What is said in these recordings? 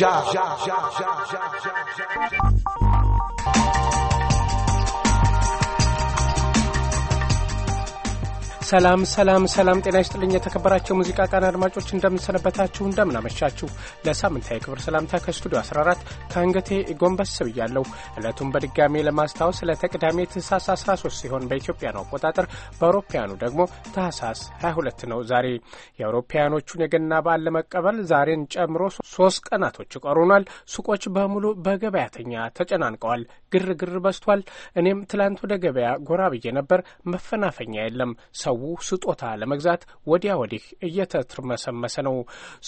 Ja. job. job. job. job. job. job. job. ሰላም ሰላም ሰላም፣ ጤና ይስጥልኝ የተከበራቸው ሙዚቃ ቃና አድማጮች እንደምንሰነበታችሁ፣ እንደምናመሻችሁ። ለሳምንታዊ ክብር ሰላምታ ከስቱዲዮ 14 ከአንገቴ ጎንበስ ብያለሁ። ዕለቱን በድጋሜ ለማስታወስ ለተቅዳሜ ታህሳስ 13 ሲሆን በኢትዮጵያውያኑ አቆጣጠር በአውሮፓያኑ ደግሞ ታህሳስ 22 ነው። ዛሬ የአውሮፓያኖቹን የገና በዓል ለመቀበል ዛሬን ጨምሮ ሶስት ቀናቶች ይቀሩናል። ሱቆች በሙሉ በገበያተኛ ተጨናንቀዋል። ግርግር በዝቷል። እኔም ትላንት ወደ ገበያ ጎራ ብዬ ነበር። መፈናፈኛ የለም ሰው ሰው ስጦታ ለመግዛት ወዲያ ወዲህ እየተትርመሰመሰ ነው።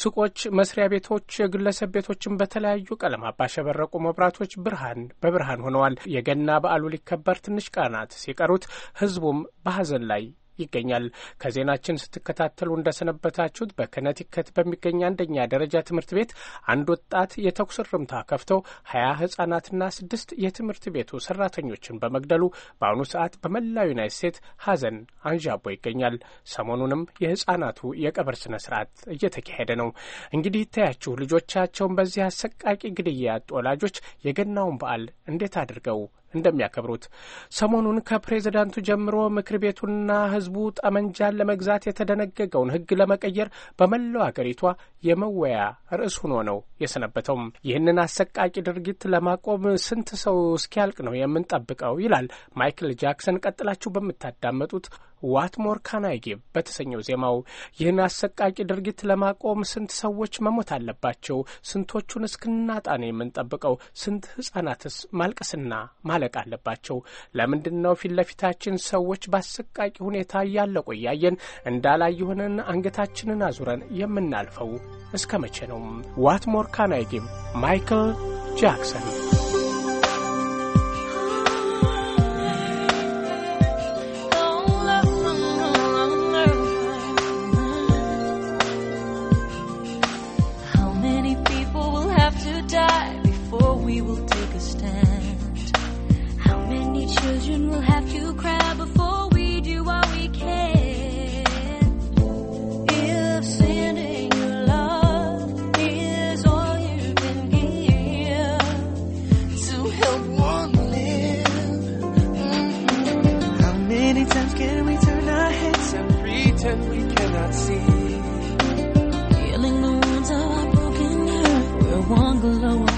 ሱቆች፣ መስሪያ ቤቶች፣ የግለሰብ ቤቶችን በተለያዩ ቀለማት ባሸበረቁ መብራቶች ብርሃን በብርሃን ሆነዋል። የገና በዓሉ ሊከበር ትንሽ ቀናት ሲቀሩት ህዝቡም በሀዘን ላይ ይገኛል። ከዜናችን ስትከታተሉ እንደሰነበታችሁት በከነቲከት በሚገኝ አንደኛ ደረጃ ትምህርት ቤት አንድ ወጣት የተኩስ እርምታ ከፍተው ሀያ ህጻናትና ስድስት የትምህርት ቤቱ ሰራተኞችን በመግደሉ በአሁኑ ሰዓት በመላው ዩናይት ስቴትስ ሀዘን አንዣቦ ይገኛል። ሰሞኑንም የህጻናቱ የቀብር ስነ ስርዓት እየተካሄደ ነው። እንግዲህ ይታያችሁ ልጆቻቸውን በዚህ አሰቃቂ ግድያ ያጡ ወላጆች የገናውን በዓል እንዴት አድርገው እንደሚያከብሩት ሰሞኑን ከፕሬዝዳንቱ ጀምሮ ምክር ቤቱና ሕዝቡ ጠመንጃን ለመግዛት የተደነገገውን ሕግ ለመቀየር በመላው አገሪቷ የመወያ ርዕስ ሆኖ ነው የሰነበተውም። ይህንን አሰቃቂ ድርጊት ለማቆም ስንት ሰው እስኪያልቅ ነው የምንጠብቀው? ይላል ማይክል ጃክሰን ቀጥላችሁ በምታዳመጡት ዋት ሞር ካን አይ ጊቭ በተሰኘው ዜማው ይህን አሰቃቂ ድርጊት ለማቆም ስንት ሰዎች መሞት አለባቸው? ስንቶቹን እስክናጣ ነው የምንጠብቀው? ስንት ህጻናትስ ማልቀስና ማለቅ አለባቸው። ለምንድን ነው ፊት ለፊታችን ሰዎች በአሰቃቂ ሁኔታ እያለቁ እያየን እንዳላይ የሆነን አንገታችንን አዙረን የምናልፈው? እስከ መቼ ነው? ዋት ሞር ካን አይ ጊቭ ማይክል ጃክሰን dalawa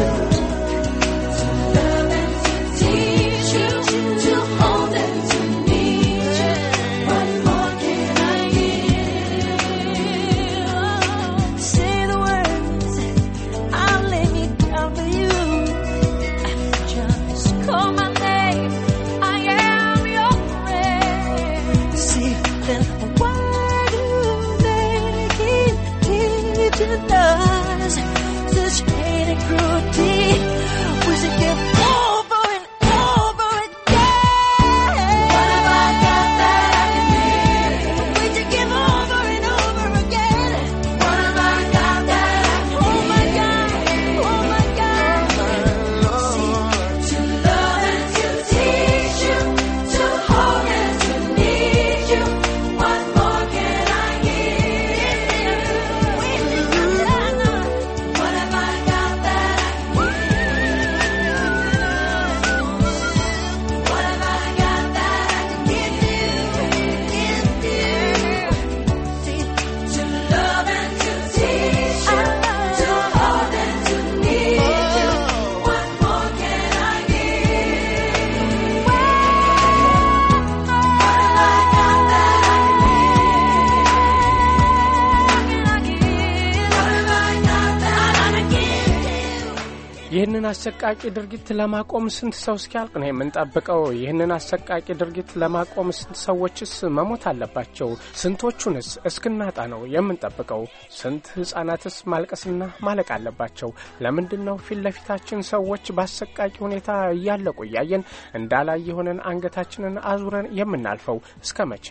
አሰቃቂ ድርጊት ለማቆም ስንት ሰው እስኪያልቅ ነው የምንጠብቀው? ይህንን አሰቃቂ ድርጊት ለማቆም ስንት ሰዎችስ መሞት አለባቸው? ስንቶቹንስ እስክናጣ ነው የምንጠብቀው? ስንት ሕጻናትስ ማልቀስና ማለቅ አለባቸው? ለምንድን ነው ፊት ለፊታችን ሰዎች በአሰቃቂ ሁኔታ እያለቁ እያየን እንዳላይ የሆነን አንገታችንን አዙረን የምናልፈው? እስከ መቼ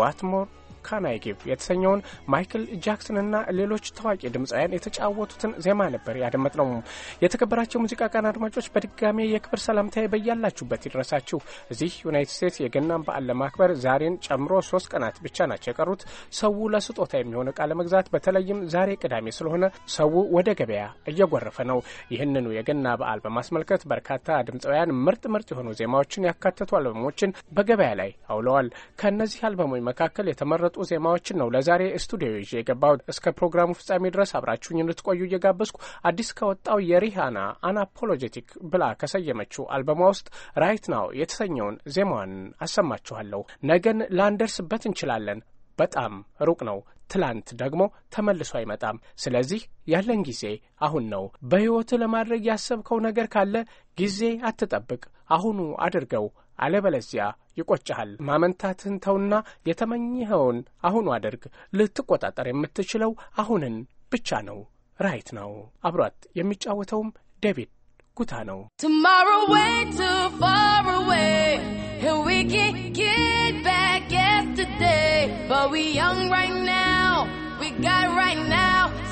ዋትሞር ካን የተሰኘውን ማይክል ጃክሰንና ሌሎች ታዋቂ ድምፃውያን የተጫወቱትን ዜማ ነበር ነው። የተከበራቸው ሙዚቃ ቃን አድማጮች በድጋሜ የክብር ሰላምታዬ በያላችሁበት ይድረሳችሁ። እዚህ ዩናይትድ ስቴትስ የገናን በዓል ለማክበር ዛሬን ጨምሮ ሶስት ቀናት ብቻ ናቸው የቀሩት። ሰው ለስጦታ የሚሆነ ዕቃ ለመግዛት በተለይም ዛሬ ቅዳሜ ስለሆነ ሰው ወደ ገበያ እየጎረፈ ነው። ይህንኑ የገና በዓል በማስመልከት በርካታ ድምፃውያን ምርጥ ምርጥ የሆኑ ዜማዎችን ያካተቱ አልበሞችን በገበያ ላይ አውለዋል። ከእነዚህ አልበሞች መካከል የተመረጡ የተመረጡ ዜማዎችን ነው ለዛሬ ስቱዲዮ ይዤ የገባሁት። እስከ ፕሮግራሙ ፍጻሜ ድረስ አብራችሁኝ እንድትቆዩ እየጋበዝኩ አዲስ ከወጣው የሪሃና አናፖሎጀቲክ ብላ ከሰየመችው አልበሟ ውስጥ ራይት ናው የተሰኘውን ዜማዋን አሰማችኋለሁ። ነገን ላንደርስበት እንችላለን፣ በጣም ሩቅ ነው። ትላንት ደግሞ ተመልሶ አይመጣም። ስለዚህ ያለን ጊዜ አሁን ነው። በሕይወት ለማድረግ ያሰብከው ነገር ካለ ጊዜ አትጠብቅ፣ አሁኑ አድርገው። አለበለዚያ ይቆጭሃል። ማመንታትህን ተውና የተመኘኸውን አሁኑ አድርግ። ልትቆጣጠር የምትችለው አሁንን ብቻ ነው። ራይት ነው። አብሯት የሚጫወተውም ዴቪድ ጉታ ነው።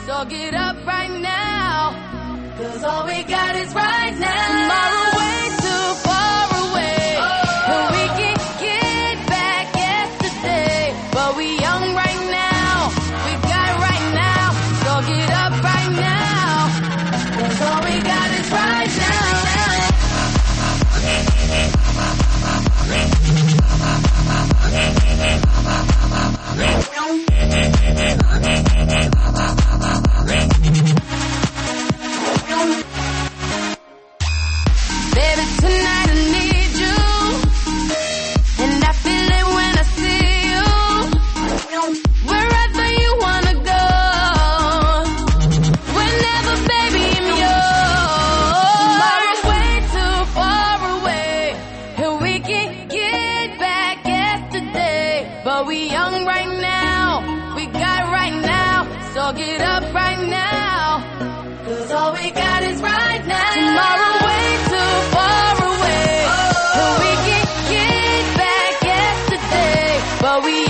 So get up right now, cause all we got is right now. Tomorrow we?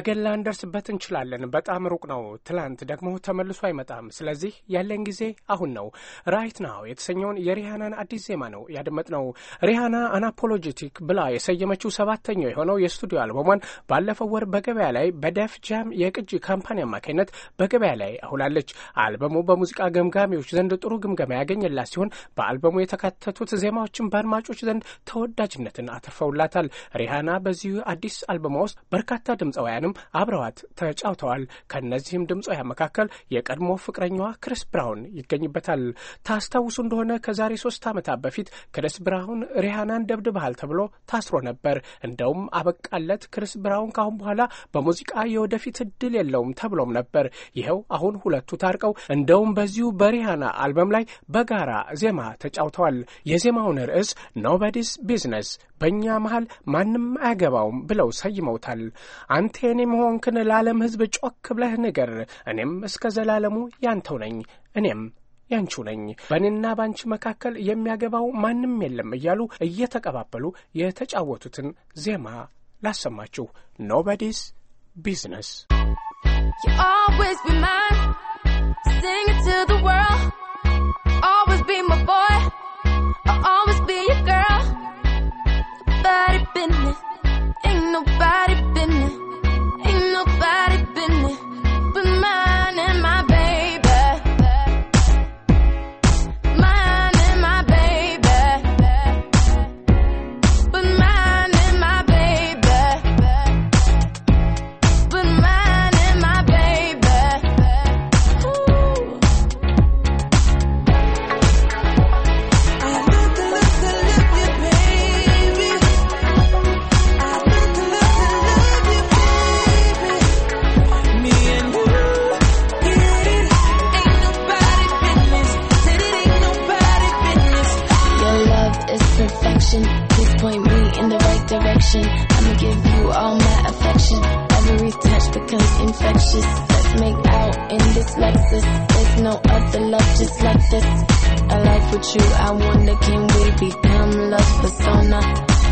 ነገን ላንደርስበት እንችላለን። በጣም ሩቅ ነው። ትላንት ደግሞ ተመልሶ አይመጣም። ስለዚህ ያለን ጊዜ አሁን ነው። ራይት ናው የተሰኘውን የሪሃናን አዲስ ዜማ ነው ያደመጥነው። ሪሃና አናፖሎጂቲክ ብላ የሰየመችው ሰባተኛው የሆነው የስቱዲዮ አልበሟን ባለፈው ወር በገበያ ላይ በደፍ ጃም የቅጂ ካምፓኒ አማካኝነት በገበያ ላይ አውላለች። አልበሙ በሙዚቃ ገምጋሚዎች ዘንድ ጥሩ ግምገማ ያገኘላት ሲሆን በአልበሙ የተካተቱት ዜማዎችን በአድማጮች ዘንድ ተወዳጅነትን አትርፈውላታል። ሪሃና በዚሁ አዲስ አልበሟ ውስጥ በርካታ ድምፃውያንም በመሆንም አብረዋት ተጫውተዋል። ከእነዚህም ድምፃውያን መካከል የቀድሞ ፍቅረኛዋ ክሪስ ብራውን ይገኝበታል። ታስታውሱ እንደሆነ ከዛሬ ሶስት ዓመታት በፊት ክሪስ ብራውን ሪሃናን ደብድበሃል ተብሎ ታስሮ ነበር። እንደውም አበቃለት። ክሪስ ብራውን ካሁን በኋላ በሙዚቃ የወደፊት እድል የለውም ተብሎም ነበር። ይኸው አሁን ሁለቱ ታርቀው እንደውም በዚሁ በሪሃና አልበም ላይ በጋራ ዜማ ተጫውተዋል። የዜማውን ርዕስ ኖበዲስ ቢዝነስ በእኛ መሀል ማንም አያገባውም ብለው ሰይመውታል። አንቴ የእኔ መሆንክን ለዓለም ሕዝብ ጮክ ብለህ ንገር። እኔም እስከ ዘላለሙ ያንተው ነኝ፣ እኔም ያንቹ ነኝ፣ በእኔና ባንቺ መካከል የሚያገባው ማንም የለም እያሉ እየተቀባበሉ የተጫወቱትን ዜማ ላሰማችሁ። ኖበዲስ ቢዝነስ business. I like with you, I wonder can we become love persona?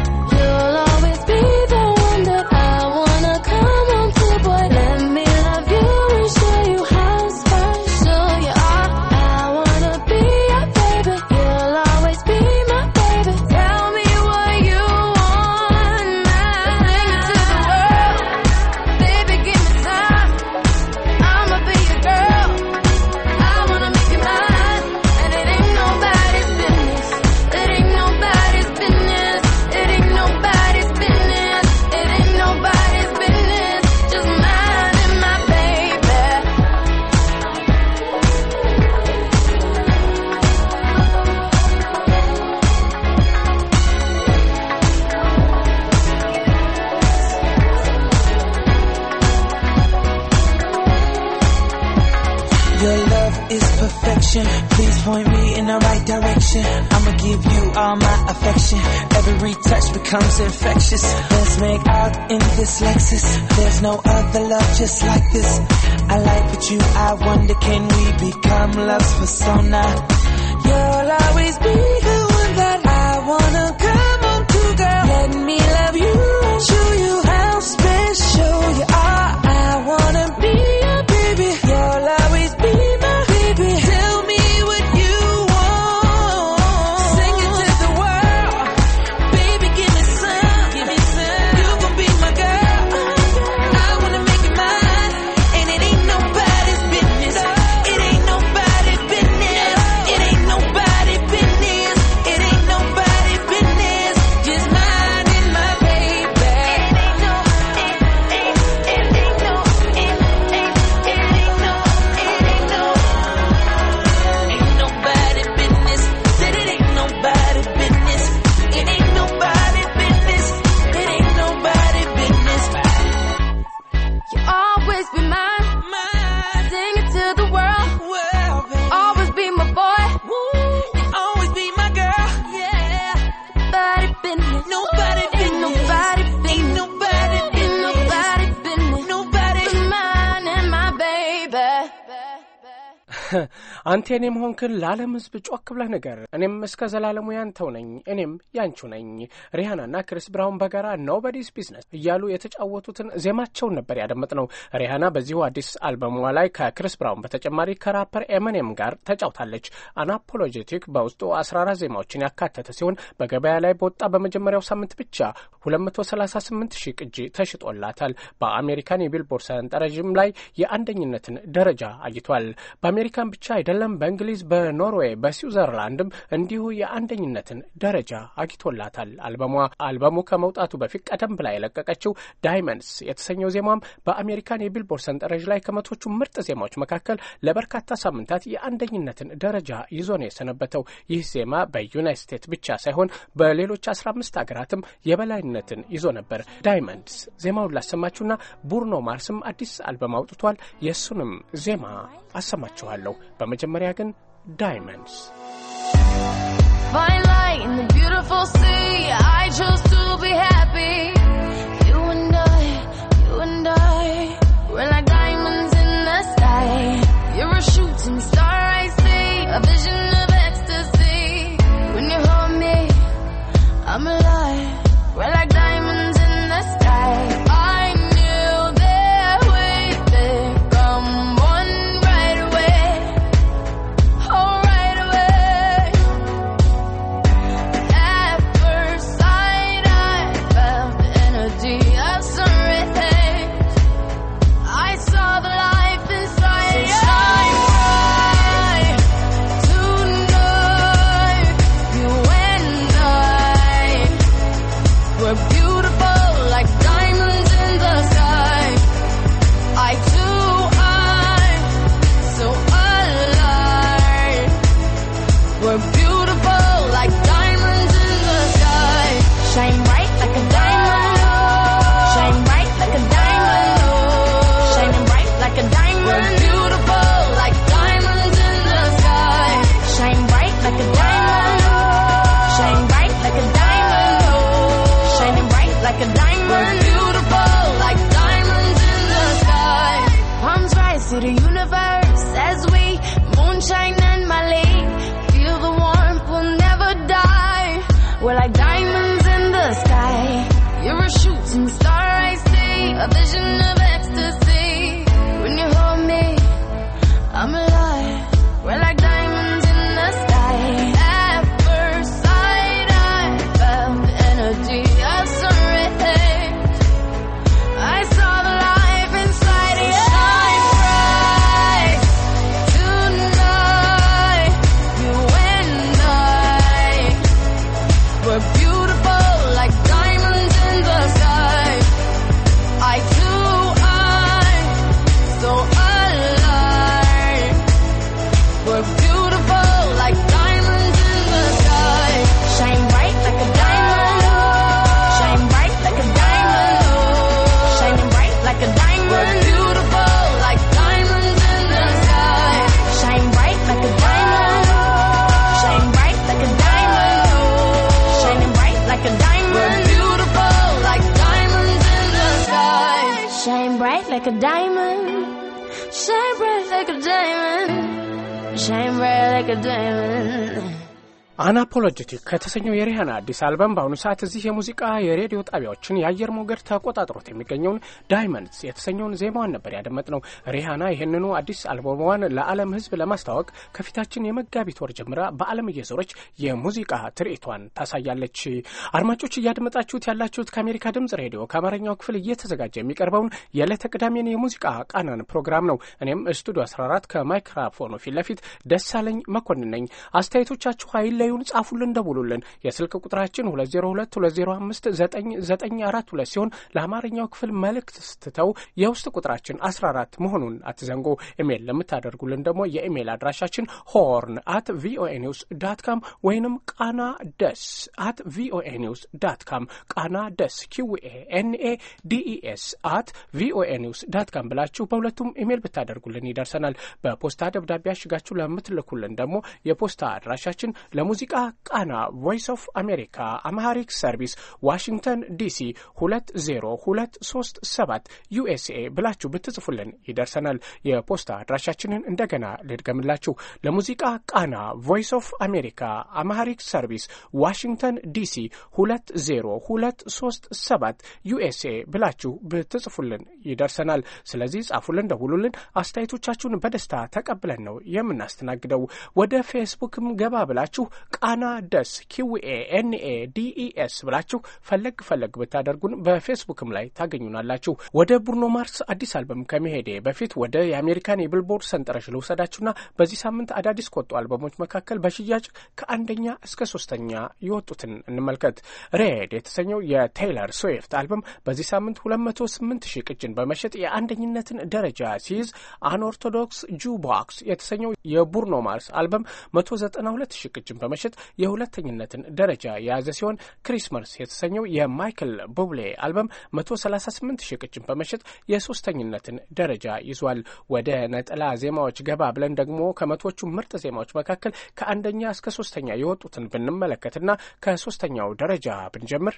becomes infectious. Let's make out in this Lexus. There's no other love just like this. I like what you, I wonder can we become love's persona? You'll always be the one that I wanna አንተ የኔ መሆንክን ለዓለም ሕዝብ ጮክ ብለህ ንገር። እኔም እስከ ዘላለሙ ያንተው ነኝ፣ እኔም ያንቹ ነኝ። ሪሃናና ክሪስ ብራውን በጋራ ኖበዲስ ቢዝነስ እያሉ የተጫወቱትን ዜማቸውን ነበር ያደመጥ ነው። ሪሃና በዚሁ አዲስ አልበሟ ላይ ከክሪስ ብራውን በተጨማሪ ከራፐር ኤምኔም ጋር ተጫውታለች። አናፖሎጀቲክ በውስጡ 14 ዜማዎችን ያካተተ ሲሆን በገበያ ላይ በወጣ በመጀመሪያው ሳምንት ብቻ 238 ሺህ ቅጂ ተሽጦላታል። በአሜሪካን የቢልቦርድ ሰንጠረዥም ላይ የአንደኝነትን ደረጃ አግኝቷል። በአሜሪካ አሜሪካን ብቻ አይደለም፣ በእንግሊዝ፣ በኖርዌይ፣ በስዊዘርላንድም እንዲሁ የአንደኝነትን ደረጃ አግኝቶላታል። አልበሟ አልበሙ ከመውጣቱ በፊት ቀደም ብላ የለቀቀችው ዳይመንድስ የተሰኘው ዜማም በአሜሪካን የቢልቦርድ ሰንጠረዥ ላይ ከመቶቹ ምርጥ ዜማዎች መካከል ለበርካታ ሳምንታት የአንደኝነትን ደረጃ ይዞ ነው የሰነበተው። ይህ ዜማ በዩናይት ስቴትስ ብቻ ሳይሆን በሌሎች አስራ አምስት ሀገራትም የበላይነትን ይዞ ነበር። ዳይመንድስ ዜማውን ላሰማችሁና ቡርኖ ማርስም አዲስ አልበም አውጥቷል። የእሱንም ዜማ አሰማችኋለሁ። በመጀመሪያ ግን ዳይመንድስ Fine light in the beautiful sea. I chose to be happy. bright like a diamond. Shine bright like a diamond. Shine bright like a diamond. አናፖሎጀቲክ ከተሰኘው የሪሃና አዲስ አልበም በአሁኑ ሰዓት እዚህ የሙዚቃ የሬዲዮ ጣቢያዎችን የአየር ሞገድ ተቆጣጥሮት የሚገኘውን ዳይመንድስ የተሰኘውን ዜማዋን ነበር ያደመጥ ነው። ሪሃና ይህንኑ አዲስ አልበሟን ለዓለም ሕዝብ ለማስተዋወቅ ከፊታችን የመጋቢት ወር ጀምራ በዓለም እየዞረች የሙዚቃ ትርኢቷን ታሳያለች። አድማጮች እያደመጣችሁት ያላችሁት ከአሜሪካ ድምጽ ሬዲዮ ከአማርኛው ክፍል እየተዘጋጀ የሚቀርበውን የዕለተ ቅዳሜን የሙዚቃ ቃናን ፕሮግራም ነው። እኔም ስቱዲዮ 14 ከማይክራፎኑ ፊት ለፊት ደሳለኝ መኮንን ነኝ። አስተያየቶቻችሁ አይለ በኢሜይል ጻፉልን፣ ደውሉልን። የስልክ ቁጥራችን 2022059942 ሲሆን ለአማርኛው ክፍል መልእክት ስትተው የውስጥ ቁጥራችን 14 መሆኑን አትዘንጎ። ኢሜይል ለምታደርጉልን ደግሞ የኢሜይል አድራሻችን ሆርን አት ቪኦኤ ኒውስ ዳት ካም ወይንም ቃና ደስ አት ቪኦኤ ኒውስ ዳት ካም ቃና ደስ ኪውኤ ኤንኤ ዲኢኤስ አት ቪኦኤ ኒውስ ዳት ካም ብላችሁ በሁለቱም ኢሜይል ብታደርጉልን ይደርሰናል። በፖስታ ደብዳቤ አሽጋችሁ ለምትልኩልን ደግሞ የፖስታ አድራሻችን ለሙ የሙዚቃ ቃና ቮይስ ኦፍ አሜሪካ አማሃሪክ ሰርቪስ ዋሽንግተን ዲሲ 20237 ዩኤስኤ ብላችሁ ብትጽፉልን ይደርሰናል። የፖስታ አድራሻችንን እንደገና ልድገምላችሁ። ለሙዚቃ ቃና ቮይስ ኦፍ አሜሪካ አማሃሪክ ሰርቪስ ዋሽንግተን ዲሲ 20237 ዩኤስኤ ብላችሁ ብትጽፉልን ይደርሰናል። ስለዚህ ጻፉልን፣ ደውሉልን። አስተያየቶቻችሁን በደስታ ተቀብለን ነው የምናስተናግደው። ወደ ፌስቡክም ገባ ብላችሁ ቃና ደስ ኪዊኤ ኤንኤ ዲኢኤስ ብላችሁ ፈለግ ፈለግ ብታደርጉን በፌስቡክም ላይ ታገኙናላችሁ። ወደ ቡርኖ ማርስ አዲስ አልበም ከመሄዴ በፊት ወደ የአሜሪካን የቢልቦርድ ሰንጠረዥ ልውሰዳችሁና በዚህ ሳምንት አዳዲስ ከወጡ አልበሞች መካከል በሽያጭ ከአንደኛ እስከ ሶስተኛ የወጡትን እንመልከት። ሬድ የተሰኘው የቴይለር ስዊፍት አልበም በዚህ ሳምንት 208 ሺህ ቅጅን በመሸጥ የአንደኝነትን ደረጃ ሲይዝ አንኦርቶዶክስ ጁ ቦክስ የተሰኘው የቡርኖ ማርስ አልበም 192 ሺህ ቅጅን በመሸጥ የሁለተኝነትን ደረጃ የያዘ ሲሆን ክሪስመስ የተሰኘው የማይክል ቡብሌ አልበም 138 ሺህ ቅጅን በመሸጥ የሶስተኝነትን ደረጃ ይዟል። ወደ ነጠላ ዜማዎች ገባ ብለን ደግሞ ከመቶዎቹ ምርጥ ዜማዎች መካከል ከአንደኛ እስከ ሶስተኛ የወጡትን ብንመለከትና ከሶስተኛው ደረጃ ብንጀምር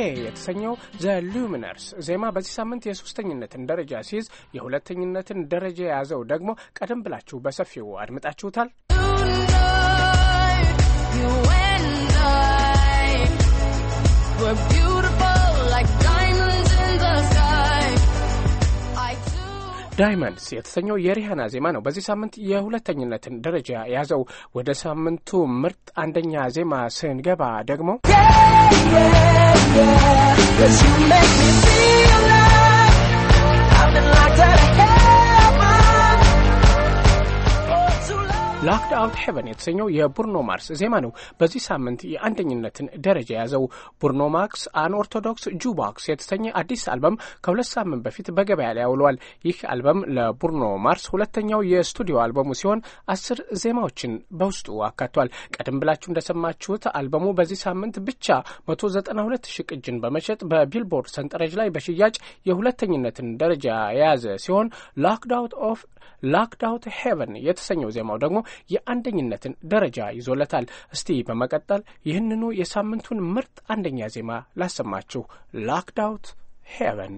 ይሄ የተሰኘው ዘ ሉሚነርስ ዜማ በዚህ ሳምንት የሶስተኝነትን ደረጃ ሲይዝ የሁለተኝነትን ደረጃ የያዘው ደግሞ ቀደም ብላችሁ በሰፊው አድምጣችሁታል። You and I were beautiful. ዳይመንድስ የተሰኘው የሪሃና ዜማ ነው በዚህ ሳምንት የሁለተኝነትን ደረጃ የያዘው። ወደ ሳምንቱ ምርጥ አንደኛ ዜማ ስንገባ ደግሞ Yeah, yeah, yeah. ላክድ አውት ሄቨን የተሰኘው የቡርኖ ማርስ ዜማ ነው በዚህ ሳምንት የአንደኝነትን ደረጃ የያዘው። ቡርኖ ማርስ አን ኦርቶዶክስ ጁ ቦክስ የተሰኘ አዲስ አልበም ከሁለት ሳምንት በፊት በገበያ ላይ አውሏል። ይህ አልበም ለቡርኖ ማርስ ሁለተኛው የስቱዲዮ አልበሙ ሲሆን አስር ዜማዎችን በውስጡ አካቷል። ቀደም ብላችሁ እንደሰማችሁት አልበሙ በዚህ ሳምንት ብቻ 192 ሺህ ቅጅን በመሸጥ በቢልቦርድ ሰንጠረዥ ላይ በሽያጭ የሁለተኝነትን ደረጃ የያዘ ሲሆን ላክድ አውት ኦፍ ላክድ አውት ሄቨን የተሰኘው ዜማው ደግሞ የአንደኝነትን ደረጃ ይዞለታል። እስቲ በመቀጠል ይህንኑ የሳምንቱን ምርጥ አንደኛ ዜማ ላሰማችሁ። ላክድ አውት ሄቨን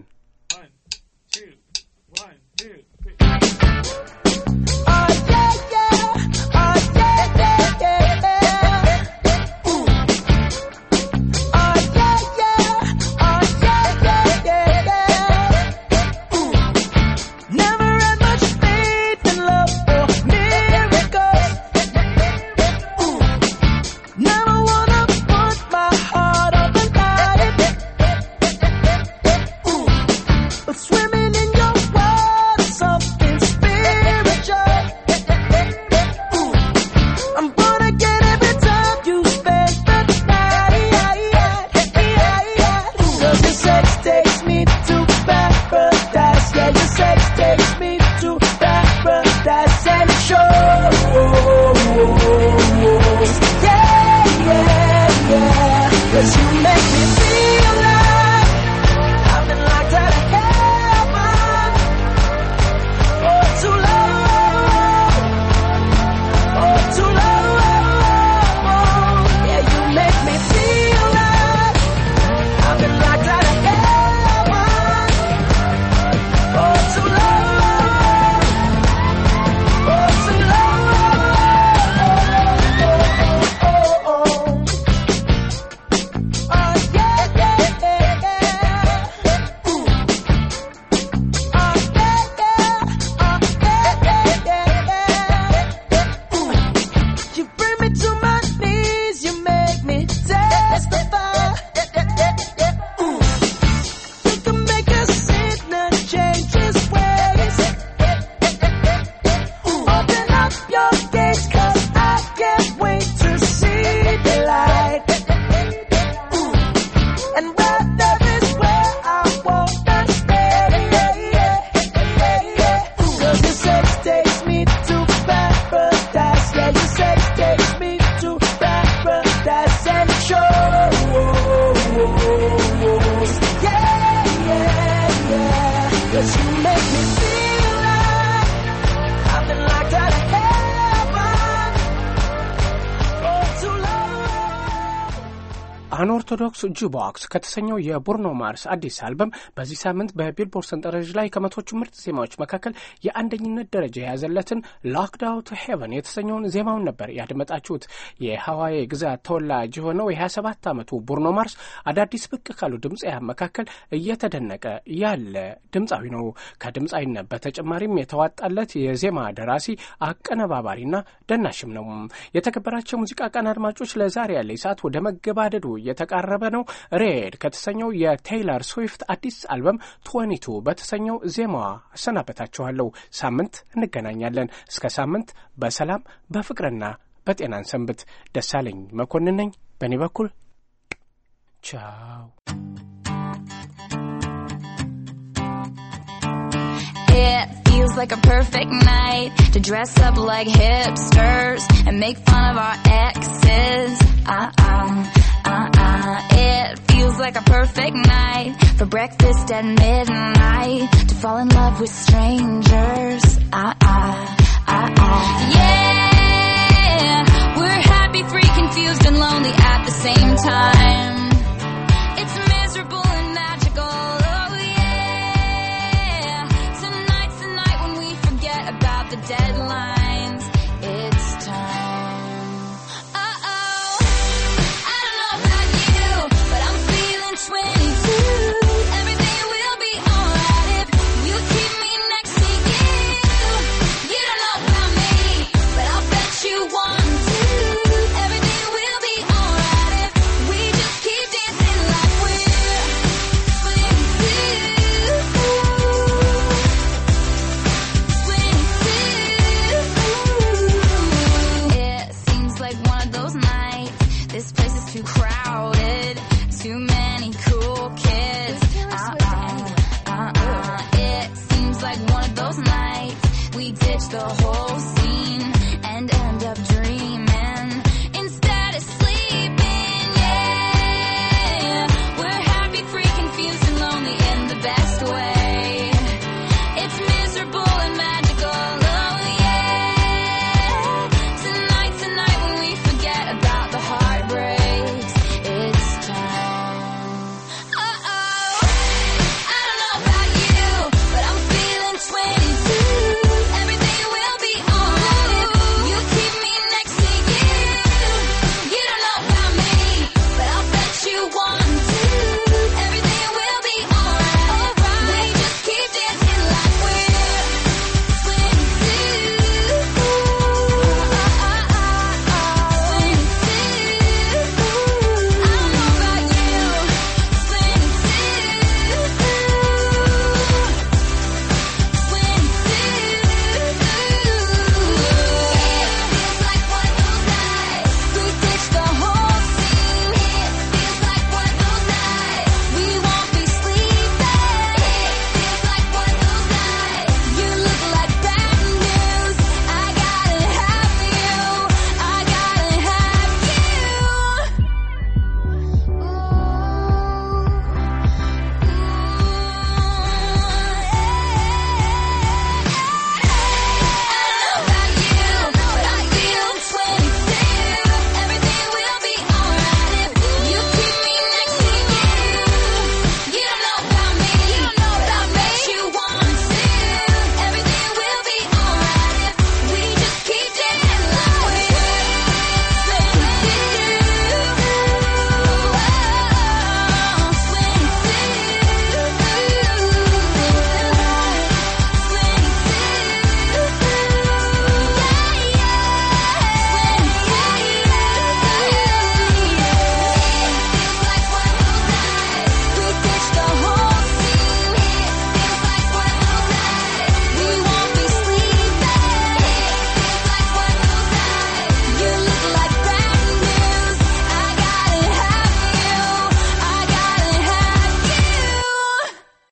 ፓን ኦርቶዶክስ ጁቦክስ ከተሰኘው የቡርኖ ማርስ አዲስ አልበም በዚህ ሳምንት በቢልቦርድ ሰንጠረዥ ላይ ከመቶቹ ምርጥ ዜማዎች መካከል የአንደኝነት ደረጃ የያዘለትን ሎክዳውን ሄቨን የተሰኘውን ዜማውን ነበር ያደመጣችሁት። የሀዋይ ግዛት ተወላጅ የሆነው የ27 ዓመቱ ቡርኖ ማርስ አዳዲስ ብቅ ካሉ ድምፃውያን መካከል እየተደነቀ ያለ ድምፃዊ ነው። ከድምፃዊነት በተጨማሪም የተዋጣለት የዜማ ደራሲ፣ አቀነባባሪና ደናሽም ነው። የተከበራቸው ሙዚቃ ቀን አድማጮች ለዛሬ ያለ ሰዓት ወደ መገባደዱ እየተቃረበ ነው። ሬድ ከተሰኘው የቴይለር ስዊፍት አዲስ አልበም ትወኒቱ በተሰኘው ዜማዋ አሰናበታችኋለሁ። ሳምንት እንገናኛለን። እስከ ሳምንት በሰላም በፍቅርና በጤናን ሰንብት። ደሳለኝ መኮንን ነኝ። በእኔ በኩል ቻው። feels like a perfect night to dress up like hipsters and make fun of our exes. Uh-uh. it feels like a perfect night for breakfast at midnight to fall in love with strangers. Ah ah ah ah. Yeah, we're happy, free, confused, and lonely at the same time.